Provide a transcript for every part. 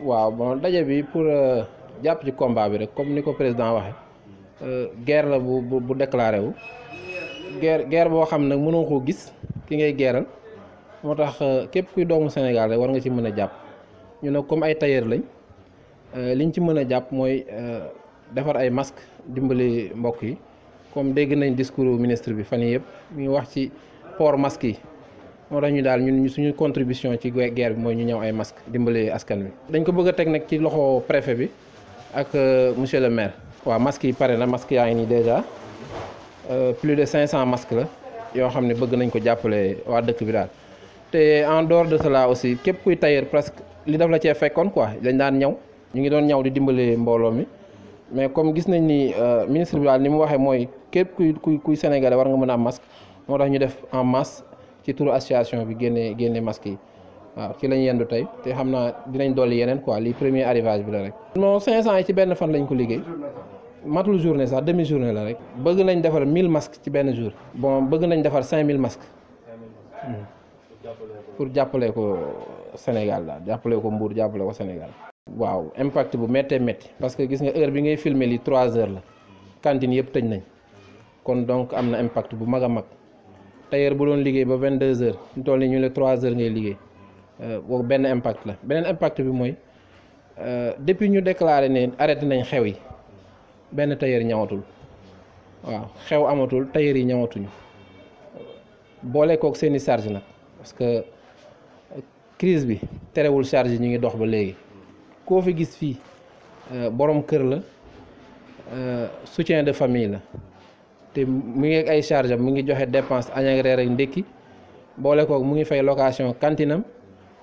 waaw bon daje bi pour euh, jàpp ci combat bi rek comme ni ko président waxe euh, guerre la bu bu déclaré wu guerre guerre boo xam nag mënoo koo gis ki ngay geeral moo tax euh, képp kuy doomu Sénégal rek war nga ci mën a jàpp ñu ne comme ay tailleur lañ liñ ci mën a jàpp mooy defar ay masque dimbali mbokk yi comme dégg nañ discours ministre bi fan yii yëpp mi wax ci port masque yi moo tax ñu daal ñun suñu contribution ci guerre bi mooy ñu ñëw ay masque dimbali askan wi. dañ ko bëgg a teg nag ci loxo préfet bi ak euh, monsieur le maire. waaw masque yi pare na masque yaa ngi nii déjà euh, plus de 500 masques la yoo xam ne bëgg nañ ko jàppale waa dëkk bi daal. te en dehors de cela aussi képp kuy tailleur presque li daf la cee fekkoon quoi dañ daan ñaw ñu ngi doon ñaw di dimbali mbooloo mi mais comme gis nañ ni euh, ministre bi daal ni mu waxee mooy képp kuy kuy kuy sénégalais war nga mën a am masque moo tax ñu def en masse. ci turu association bi génnee génne masque yi waaw ci lañ yendu tey te xam naa dinañ dolli yeneen quoi li premier arrivage bi la rek. non 500 yi ci benn fan lañ ko liggéey matul journée sax demi journée la rek bëgg nañ defar 1000 masques ci benn jour bon bëgg nañ defar 5000 masques hmm. pour jàppale ko Sénégal daal jàppalee ko Mbour jàppale ko Sénégal. waaw impact bu méttee métti parce que gis nga heure bi ngay filmer li 3 heures la cantine yëpp tëj nañ kon donc am na impact bu mag a mag. tailleur bu doon liggéey ba vingt deux heures ñu ñu ne trois heures ngay liggéey boobu euh, benn impact la beneen impact bi mooy euh, depuis ñu déclaré ne arrêté nañ xew yi benn tailleur ñawatul waaw xew amatul tailleur yi ñawatuñu boole kook seeni charge nag parce que euh, crise bi terewul charge yi ñu ngi dox ba léegi koo fi gis fii borom kër la soutien de famille la te mu ngi ay charge mu ngi joxe dépense añ ak reer ak ndékki boole kook mu ngi fay location kantinam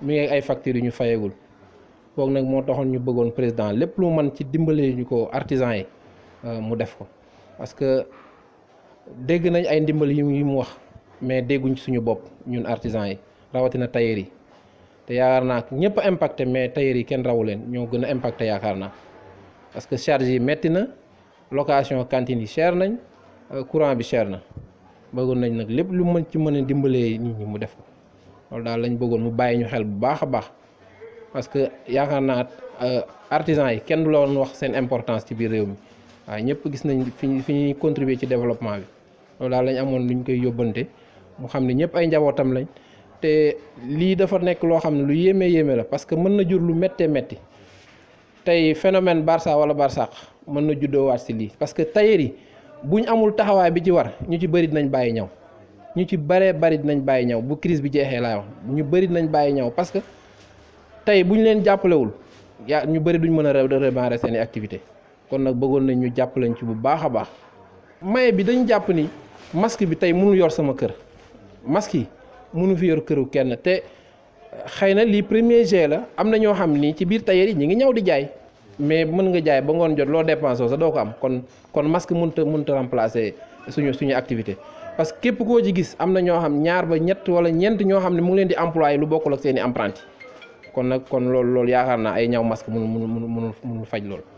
mu ngi ay factures yu ñu fayagul boog nag moo taxoon ñu bëggoon président lépp lu man ci dimbale ñu ko artisan yi euh, mu def ko parce que dégg nañ ay ndimbal yu mu wax mais dégguñ suñu bopp ñun artisan yi rawatina tailleur yi te yaakaar naa ñëpp impacte mais tailleur yi kenn rawu leen ñoo gën a impacté yaakaar naa parce que charge yi metti na location cantine yi cher nañ Euh, courant bi cher na bëggoon nañ nag lépp lu mën ci mën a dimbalee nit ñi mu def ko loolu daal lañ bëggoon mu bàyyi ñu xel bu baax a baax parce que yaakaar naa euh, artisan yi kenn du la woon wax seen importance ci biir réew mi waaw ñëpp gis nañ fi ñu fi ñuy contribuer ci développement bi loolu daal lañ amoon lu ñu koy yóbbante mu xam ne ñëpp ay njabootam lañ te lii dafa nekk loo xam ne lu yéeme yéeme la parce que mën na jur lu méttee metti tey phénomène Barça wala Barsaq mën na juddoowaat buñ amul taxaway bi ci war ñu ci bari dinañ nyau, ñaw ñu ci bare bari dinañ bayyi ñaw bu crise bi jexé la wax ñu bari dinañ bayyi ñaw parce que tay buñ ñu leen jàppalewul ya ñu bari duñ rew de redémarrer seen activité kon nag bëggoon nañ ñu jàppalañ ci bu baaxa baax maye bi dañ japp ni masque bi tay mënu yor sama kër masque yi mënu fi yor këru kenn té xeyna li premier jet la amna ño xamni ci biir yi ngi ñaw di jaay mais mën nga jaay ba ngoon jot loo dépensé sax doo ko am kon kon masque mënut a mënut a suñu suñu activité. parce que képp koo ci gis am na ñoo xam ñaar ba ñett wala ñeent ñoo xam ne mu ngi leen di employé lu bokkul ak seen i apprenti kon nag kon loolu loolu yaakaar naa ay ñaw masque mënu mënu mënu mënul faj lool